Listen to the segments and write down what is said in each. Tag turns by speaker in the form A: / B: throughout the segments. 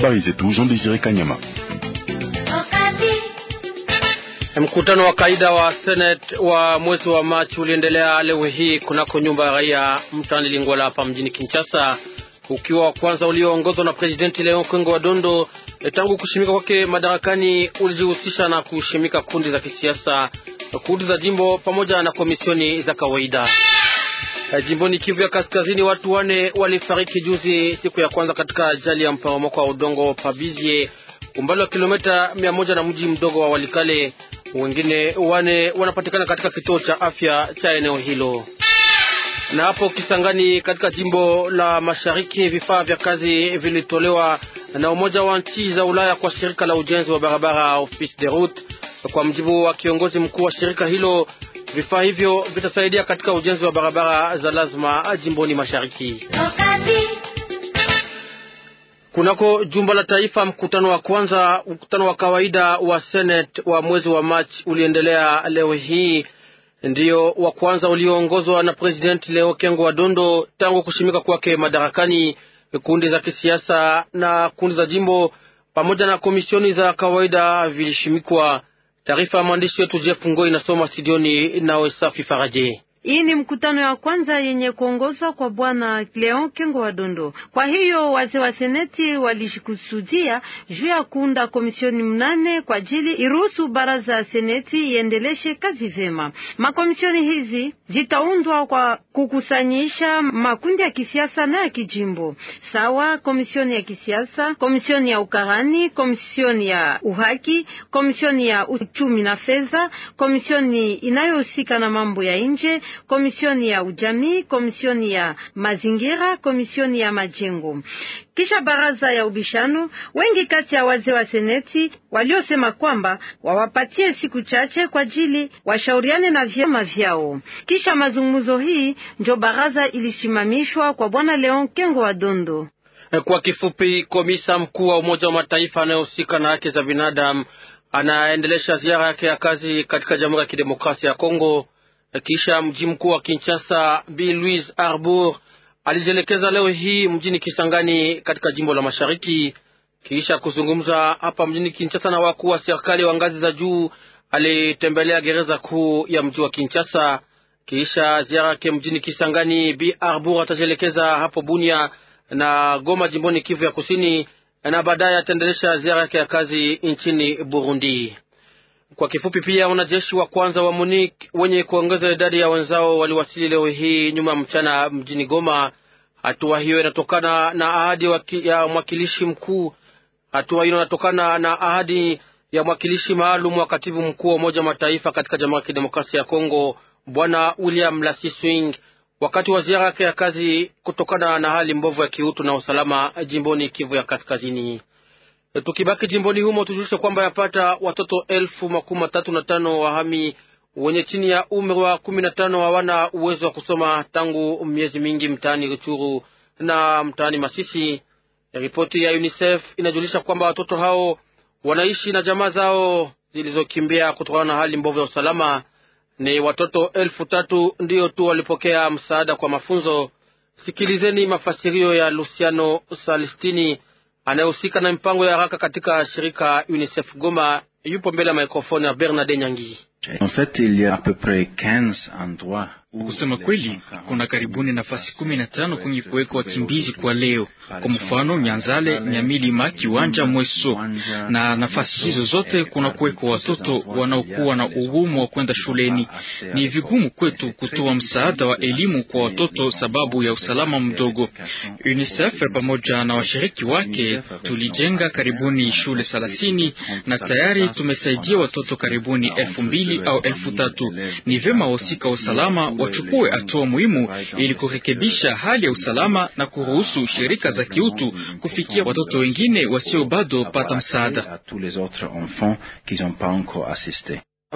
A: Habari zetu Jean Desire Kanyama.
B: Mkutano wa kaida wa Senate wa mwezi wa Machi uliendelea leo hii kunako nyumba ya raia mtaani Lingwala hapa mjini Kinshasa, ukiwa wa kwanza ulioongozwa na Presidenti Leon Kwengo wa Dondo. Eh, tangu kushimika kwake madarakani, ulijihusisha na kushimika kundi za kisiasa, kundi za jimbo pamoja na komisioni za kawaida. Eh, jimboni Kivu ya Kaskazini, watu wane walifariki juzi siku ya kwanza katika ajali ya mporomoko wa udongo Pabizie, umbali wa kilomita mia moja na mji mdogo wa Walikale. Wengine wane wanapatikana katika kituo cha afya cha eneo hilo. Na hapo Kisangani, katika jimbo la Mashariki, vifaa vya kazi vilitolewa na Umoja wa Nchi za Ulaya kwa shirika la ujenzi wa barabara Office de Route, kwa mjibu wa kiongozi mkuu wa shirika hilo. Vifaa hivyo vitasaidia katika ujenzi wa barabara za lazima jimboni mashariki. Kunako jumba la taifa, mkutano wa kwanza, mkutano wa kawaida wa Senate wa mwezi wa Machi uliendelea leo hii, ndio wa kwanza ulioongozwa na President Leo Kengo wa Dondo tangu kushimika kwake madarakani. Kundi za kisiasa na kundi za jimbo pamoja na komisioni za kawaida vilishimikwa. Taarifa ya mwandishi wetu Jeff Ngoi inasoma studioni nawe Safi Faraje.
C: Hii ni mkutano ya kwanza yenye kuongozwa kwa bwana Leon Kengo wa Dondo. Kwa hiyo wazee wa seneti walikusudia juu ya kuunda komisioni mnane kwa ajili iruhusu baraza ya seneti iendeleshe kazi vyema. Makomisioni hizi zitaundwa kwa kukusanyisha makundi ya kisiasa na ya kijimbo sawa: komisioni ya kisiasa, komisioni ya ukarani, komisioni ya uhaki, komisioni ya uchumi na fedha, komisioni inayohusika na mambo ya nje komisioni ya ujamii, komisioni ya mazingira, komisioni ya majengo, kisha baraza ya ubishano. Wengi kati ya wazee wa seneti waliosema kwamba wawapatie siku chache kwa ajili washauriane na vyama vyao. Kisha mazungumzo hii ndio baraza ilisimamishwa kwa bwana Leon Kengo wa Dondo.
B: Kwa kifupi, komisa mkuu wa Umoja wa Mataifa anayehusika na haki za binadamu anaendelesha ziara yake ya kazi katika Jamhuri ya Kidemokrasia ya Kongo. Kisha mji mkuu wa Kinshasa, Bi Louise Arbour alijielekeza leo hii mjini Kisangani katika jimbo la Mashariki, kisha kuzungumza hapa mjini Kinshasa na wakuu wa serikali wa ngazi za juu. Alitembelea gereza kuu ya mji wa Kinshasa. Kisha ziara yake mjini Kisangani, Bi Arbour atajielekeza hapo Bunia na Goma jimboni Kivu ya Kusini, na baadaye ataendelesha ziara yake ya kazi nchini Burundi. Kwa kifupi pia wanajeshi wa kwanza wa MONUC wenye kuongeza idadi ya wenzao waliwasili leo hii nyuma mchana mjini Goma. Hatua hiyo inatokana na ahadi ya mwakilishi mkuu. Hatua hiyo inatokana na ahadi ya mwakilishi maalum wa katibu mkuu wa Umoja Mataifa katika Jamhuri ya Kidemokrasia ya Kongo Bwana William Lasiswing wakati wa ziara yake ya kazi kutokana na hali mbovu ya kiutu na usalama jimboni Kivu ya Kaskazini. Tukibaki jimboni humo tujulishe kwamba yapata watoto elfu makumi matatu na tano wahami wenye chini ya umri wa kumi na tano hawana uwezo wa kusoma tangu miezi mingi mtaani Ruchuru na mtaani Masisi. Ripoti ya UNICEF inajulisha kwamba watoto hao wanaishi na jamaa zao zilizokimbia kutokana na hali mbovu ya usalama. Ni watoto elfu tatu ndiyo tu walipokea msaada kwa mafunzo. Sikilizeni mafasirio ya Luciano Salistini anayehusika na mipango ya haraka katika shirika UNICEF Goma yupo mbele ya mikrofoni ya Bernard Nyangi.
A: Kusema kweli, kuna karibuni nafasi kumi na tano kwenye kuweka wakimbizi kwa leo. Kwa mfano Nyanzale, Nyamilima, Kiwanja, Mweso, na nafasi hizo zote eh, kuna kuwekwa watoto wanaokuwa na ugumu wa kwenda shuleni. Ni vigumu kwetu kutoa msaada wa elimu kwa watoto sababu ya usalama mdogo. UNICEF pamoja na washiriki wake tulijenga karibuni shule thelathini
D: na tayari tumesaidia
A: watoto karibuni elfu mbili mbili au elfu tatu. Ni vyema wahusika wa usalama wachukue hatua muhimu ili kurekebisha hali ya usalama na kuruhusu shirika za kiutu kufikia watoto wengine wasio bado pata msaada.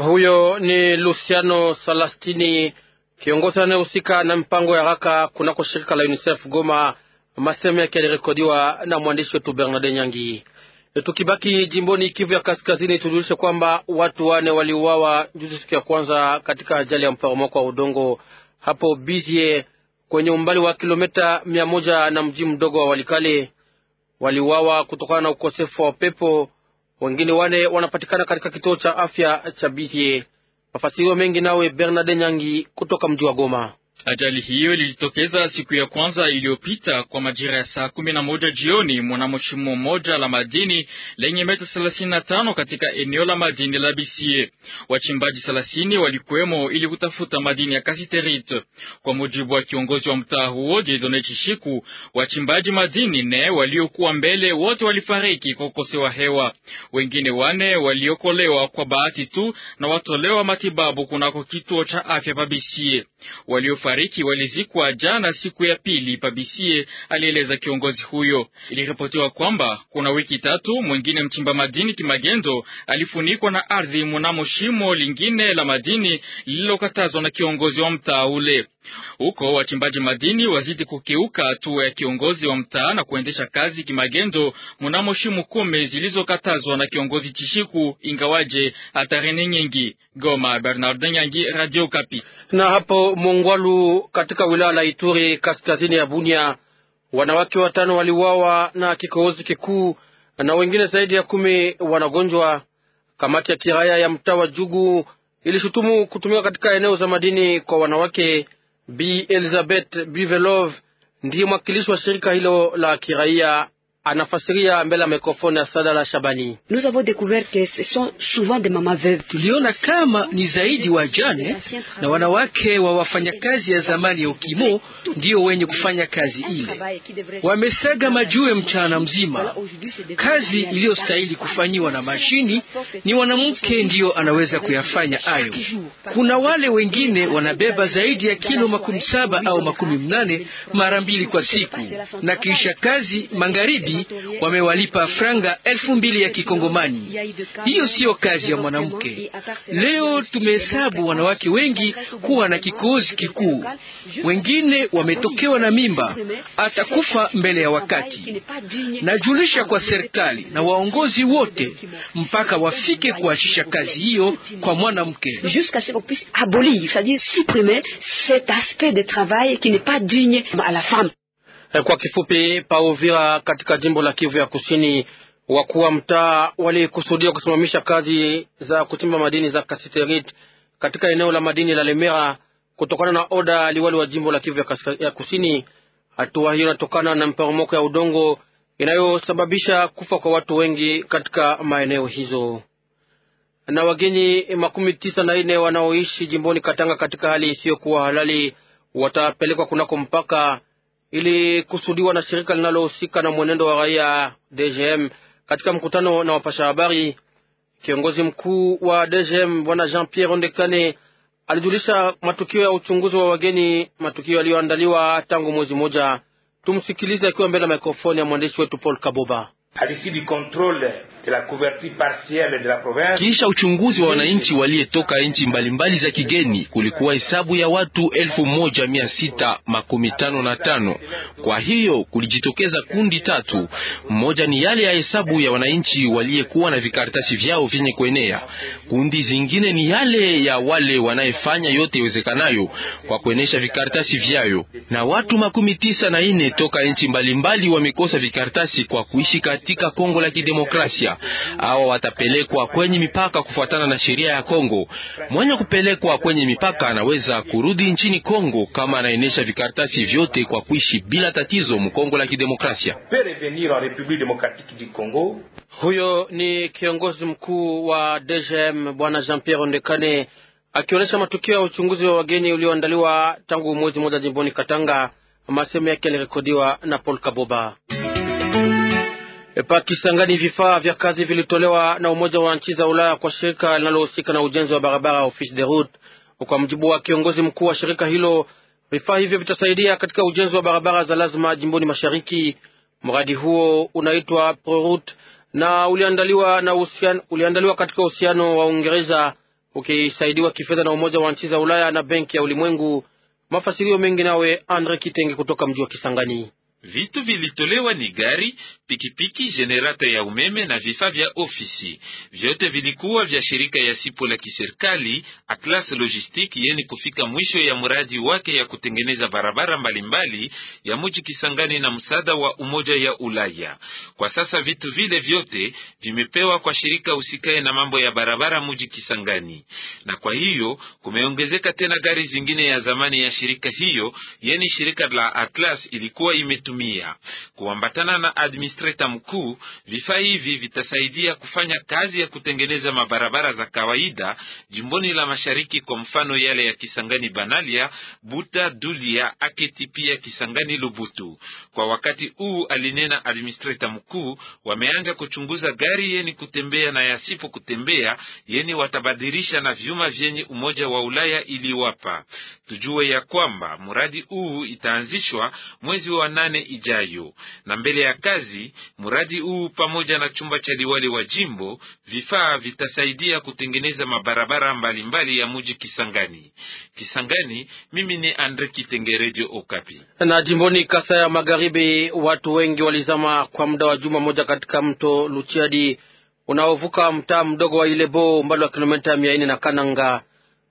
B: Huyo ni Luciano Salastini, kiongozi anayehusika na mpango ya haraka kunako shirika la UNICEF Goma. Maseme yake yalirekodiwa na mwandishi wetu Bernard Nyangi. E, tukibaki jimboni Kivu ya Kaskazini, tujulishe kwamba watu wane waliuawa juzi siku ya kwanza katika ajali ya mporomoko wa udongo hapo bizie kwenye umbali wa kilomita mia moja na mji mdogo wa Walikale. Waliuawa kutokana na ukosefu wa upepo. Wengine wane wanapatikana katika kituo cha afya cha bizie Mafasirio mengi nawe Bernard Nyangi kutoka mji wa Goma.
A: Ajali hiyo ilijitokeza siku ya kwanza iliyopita kwa majira ya saa kumi na moja jioni mwanamo shimo moja la madini lenye meta thelathini na tano katika eneo la madini la Bisie. Wachimbaji thelathini walikuwemo ili kutafuta madini ya kasiterit. Kwa mujibu wa kiongozi wa mtaa huo Jedone Chishiku, wachimbaji madini ne waliokuwa mbele wote walifariki kwa kukosewa hewa, wengine wane waliokolewa kwa bahati tu na watolewa matibabu kunako kituo cha afya pa Bisie waliofariki walizikwa jana siku ya pili Pabisie, alieleza kiongozi huyo. Iliripotiwa kwamba kuna wiki tatu mwingine mchimba madini Kimagendo alifunikwa na ardhi mnamo shimo lingine la madini lililokatazwa na kiongozi wa mtaa ule. Huko wachimbaji madini wazidi kukiuka hatua ya kiongozi wa mtaa na kuendesha kazi kimagendo mnamo shimu kumi zilizokatazwa na kiongozi Chishiku, ingawaje hatarini nyingi. Goma, Bernard Nyangi, Radio Kapi.
B: Na hapo Mongwalu katika wilaya la Ituri kaskazini ya Bunia, wanawake watano waliuawa na kikohozi kikuu na wengine zaidi ya kumi wanagonjwa. Kamati ya kiraya ya mtaa wa Jugu ilishutumu kutumika katika eneo za madini kwa wanawake Bi Elizabeth Bivelov ndiye mwakilishi wa shirika hilo la kiraia anafasiria mbele ya mikrofoni ya Sadala Shabani.
D: Tuliona kama
B: ni zaidi wajane na wanawake wa wafanyakazi ya zamani ya ukimo ndio wenye kufanya kazi ile, wamesaga majue mchana mzima. Kazi iliyostahili kufanyiwa na mashini ni mwanamke ndiyo anaweza kuyafanya hayo. Kuna wale wengine wanabeba zaidi ya kilo makumi saba au makumi mnane mara mbili kwa siku, na kisha kazi magharibi Kongomani wamewalipa franga elfu mbili ya Kikongomani.
C: Hiyo siyo kazi ya mwanamke. Leo
B: tumehesabu wanawake wengi kuwa na kikozi kikuu, wengine wametokewa na mimba, atakufa mbele ya wakati.
E: Najulisha kwa
B: serikali na waongozi wote mpaka wafike kuachisha kazi hiyo kwa mwanamke
C: aspect de travail qui n'est pas digne à la femme.
B: Eh, kwa kifupi, pa Uvira katika jimbo la Kivu ya Kusini, wakuu wa mtaa walikusudia kusimamisha kazi za kuchimba madini za kasiterit katika eneo la madini la Lemera kutokana na oda liwali wa jimbo la Kivu ya Kusini. Hatua hiyo inatokana na mporomoko ya udongo inayosababisha kufa kwa watu wengi katika maeneo hizo. Na wageni makumi tisa na nne wanaoishi jimboni Katanga katika hali isiyokuwa halali watapelekwa kunako mpaka ilikusudiwa na shirika linalohusika na mwenendo wa raia DGM. Katika mkutano na wapasha habari, kiongozi mkuu wa DGM bwana Jean Pierre Ondekane alijulisha matukio ya uchunguzi wa wageni, matukio yaliyoandaliwa tangu mwezi mmoja. Tumsikilize akiwa mbele ya mikrofoni ya mwandishi wetu Paul Kaboba.
F: control kisha
B: uchunguzi wa wananchi waliyetoka nchi mbalimbali za kigeni, kulikuwa hesabu ya watu elfu moja mia sita makumi tano na tano. Kwa hiyo kulijitokeza kundi tatu, mmoja ni yale ya hesabu ya wananchi waliyekuwa na vikaratasi vyao vyenye kuenea, kundi zingine ni yale ya wale wanayefanya yote iwezekanayo kwa kuenesha vikaratasi vyayo, na watu makumi tisa na nne toka nchi mbalimbali wamekosa vikaratasi kwa kuishi katika Kongo la Kidemokrasia. Afrika. Hawa watapelekwa kwenye mipaka kufuatana na sheria ya Kongo. Mwenye kupelekwa kwenye mipaka anaweza kurudi nchini Kongo kama anaenesha vikaratasi vyote kwa kuishi bila tatizo mkongo la kidemokrasia. Huyo ni kiongozi mkuu wa DGM Bwana Jean Pierre Ondekane akionyesha matukio ya uchunguzi wa wageni ulioandaliwa tangu mwezi mmoja jimboni Katanga. Masemo yake yalirekodiwa na Paul Kaboba. E, pa Kisangani, vifaa vya kazi vilitolewa na Umoja wa Nchi za Ulaya kwa shirika linalohusika na ujenzi wa barabara Office de Route. Kwa mjibu wa kiongozi mkuu wa shirika hilo, vifaa hivyo vitasaidia katika ujenzi wa barabara za lazima jimboni mashariki. Mradi huo unaitwa Prorut na uliandaliwa na usian, uliandaliwa katika uhusiano wa Uingereza ukisaidiwa kifedha na Umoja wa Nchi za Ulaya na Benki ya Ulimwengu. Mafasilio mengi nawe Andre Kitenge kutoka mji wa Kisangani.
F: Vitu vilitolewa ni gari, pikipiki, jenerata ya umeme na vifaa vya ofisi. Vyote vilikuwa vya shirika ya sipo la kiserikali Atlas Logistique yeni kufika mwisho ya mradi wake ya kutengeneza barabara mbalimbali mbali ya mji Kisangani na msaada wa Umoja ya Ulaya. Kwa sasa vitu vile vyote vimepewa kwa shirika usikae na mambo ya barabara mji Kisangani, na kwa hiyo kumeongezeka tena gari zingine ya zamani ya shirika hiyo, yeni shirika la Atlas ilikuwa imetumia kuvitumia. Kuambatana na administreta mkuu, vifaa hivi vitasaidia kufanya kazi ya kutengeneza mabarabara za kawaida jimboni la mashariki, kwa mfano yale ya Kisangani Banalia, Buta, Dulia, Aketi pia Kisangani Lubutu. Kwa wakati huu, alinena administreta mkuu, wameanja kuchunguza gari yeni kutembea na yasipo kutembea yeni watabadilisha na vyuma vyenye Umoja wa Ulaya iliwapa. Tujue ya kwamba mradi huu itaanzishwa mwezi wa nane ijayo. Na mbele ya kazi mradi huu pamoja na chumba cha liwali wa jimbo, vifaa vitasaidia kutengeneza mabarabara mbalimbali mbali ya muji Kisangani. Kisangani, mimi ni Andre Kitengerejo Okapi.
B: Na jimboni Kasa ya Magharibi, watu wengi walizama kwa muda wa juma moja katika mto Luchiadi unaovuka mtaa mdogo wa Ilebo umbali wa kilomita mia nne na Kananga.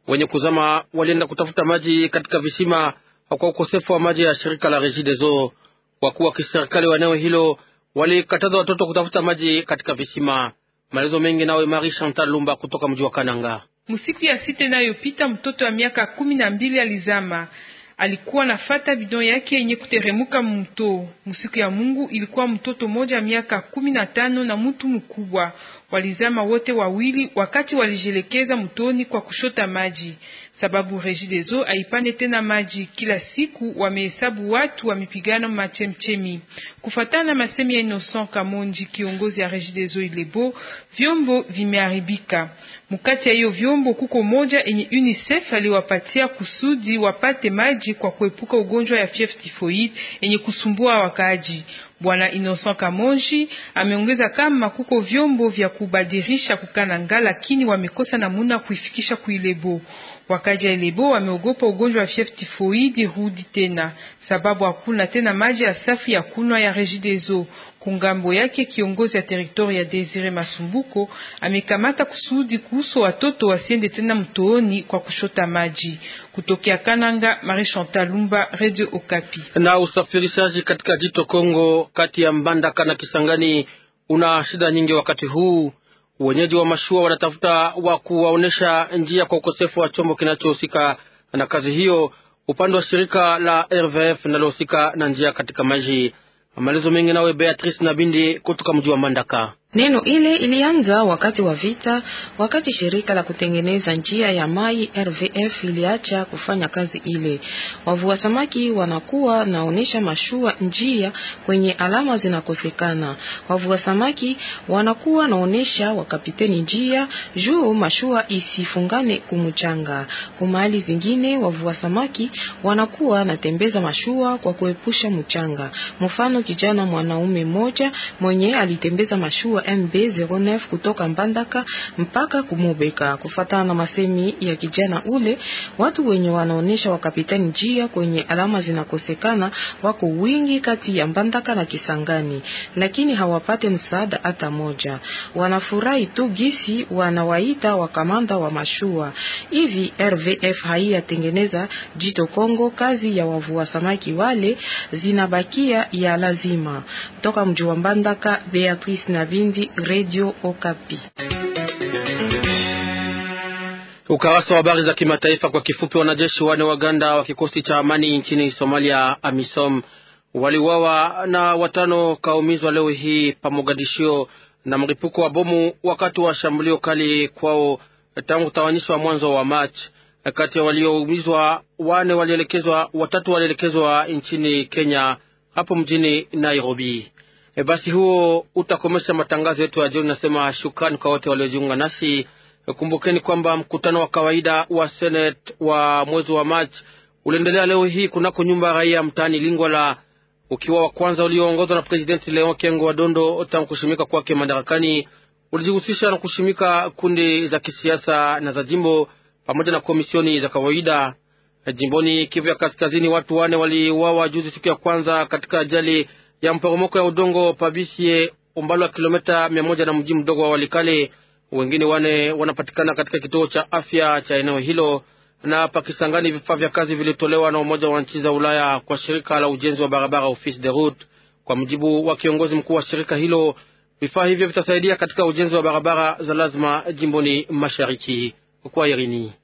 B: Wenye kuzama walienda kutafuta maji katika visima kwa ukosefu wa maji ya shirika la Regideso. Wakuu wa kiserikali wa eneo hilo walikataza watoto kutafuta maji katika visima. Maelezo mengi nawe Marie Chantal Lumba kutoka mji wa Kananga.
E: Msiku ya sita inayopita mtoto wa miaka kumi na mbili alizama alikuwa nafata bidon yake yenye kuteremuka mto. Msiku ya Mungu ilikuwa mtoto moja miaka kumi na tano na mtu mkubwa walizama wote wawili, wakati walijelekeza mtoni kwa kushota maji sababu reji dezo haipande tena maji. Kila siku wamehesabu watu wa mipigano machemchemi. Kufatana na masemi ya Innocent Kamonji, kiongozi ya reji dezo Ilebo, vyombo vimeharibika. Mkati ya hiyo vyombo kuko moja enye UNICEF aliwapatia kusudi wapate maji kwa kuepuka ugonjwa ya fief tifoid enye kusumbua wakaaji. Bwana Innocent Kamonji ameongeza kama kuko vyombo vya kubadirisha kukana ngala, lakini wamekosa namuna kuifikisha kuilebo Wakaji wa wameogopa ugonjwa wa fief tifoidi rudi tena, sababu hakuna tena maji ya safi ya kunwa ya Regideso. Kungambo yake kiongozi ya teritori ya Desire Masumbuko amekamata kusudi kuhusu watoto wasiende tena mtooni kwa kushota maji. Kutokea Kananga, Marie Chantal Lumba, Radio Okapi.
B: Na usafirishaji katika jito Kongo kati ya Mbandaka na Kisangani una shida nyingi wakati huu Wenyeji wa mashua wanatafuta wa kuwaonyesha njia kwa ukosefu wa chombo kinachohusika na kazi hiyo upande wa shirika la RVF linalohusika na njia katika maji. Maelezo mengi nawe Beatrice Nabindi kutoka mji wa Mbandaka.
D: Neno ile ilianza wakati wa vita, wakati shirika la kutengeneza njia ya mai RVF iliacha kufanya kazi ile. Wavua samaki wanakuwa naonesha mashua njia kwenye alama zinakosekana. Wavua samaki wanakuwa naonesha wakapiteni njia juu mashua isifungane kumuchanga. Kumahali zingine wavua samaki wanakuwa natembeza mashua kwa kuepusha mchanga. Mfano kijana mwanaume moja mwenye alitembeza mashua MB 09 kutoka Mbandaka mpaka Kumubeka. Kufatana na masemi ya kijana ule, watu wenye wanaonesha wakapitani njia kwenye alama zinakosekana wako wingi kati ya Mbandaka na Kisangani, lakini hawapate msaada hata moja. Wanafurahi tu gisi wanawaita wakamanda wa mashua hivi. RVF haiyatengeneza jito Kongo, kazi ya wavua samaki wale zinabakia ya lazima. Toka mji wa Mbandaka, Beatrice Navin Lubumbashi, Radio Okapi.
B: Ukarasa wa habari za kimataifa kwa kifupi. Wanajeshi wane uganda wa kikosi cha amani nchini Somalia, AMISOM, waliuawa na watano kaumizwa leo hii pa na mlipuko wa bomu wakati wa shambulio kali kwao tangu wa mwanzo wa Machi. Kati ya walioumizwa wane walielekezwa, watatu walielekezwa nchini Kenya hapo mjini Nairobi. E, basi huo utakomesha matangazo yetu ya jioni. Nasema shukrani kwa wote waliojiunga nasi. E, kumbukeni kwamba mkutano wa kawaida wa Senate wa mwezi wa Machi uliendelea leo hii kunako nyumba ya raia mtaani Lingwala, ukiwa wa kwanza ulioongozwa na Presidenti Leon Kengo wa Dondo tangu kushimika kwake madarakani. Ulijihusisha na kushimika kundi za kisiasa na za jimbo pamoja na komisioni za kawaida. E, jimboni Kivu ya Kaskazini, watu wane waliuawa juzi siku ya kwanza katika ajali ya mporomoko ya udongo Pabisie, umbali wa kilomita mia moja na mji mdogo wa Walikale. Wengine wane wanapatikana katika kituo cha afya cha eneo hilo. Na pakisangani vifaa vya kazi vilitolewa na Umoja wa Nchi za Ulaya kwa shirika la ujenzi wa barabara Office de Route. Kwa mjibu wa kiongozi mkuu wa shirika hilo, vifaa hivyo vitasaidia katika ujenzi wa barabara za lazima jimboni mashariki. Kwa Irini.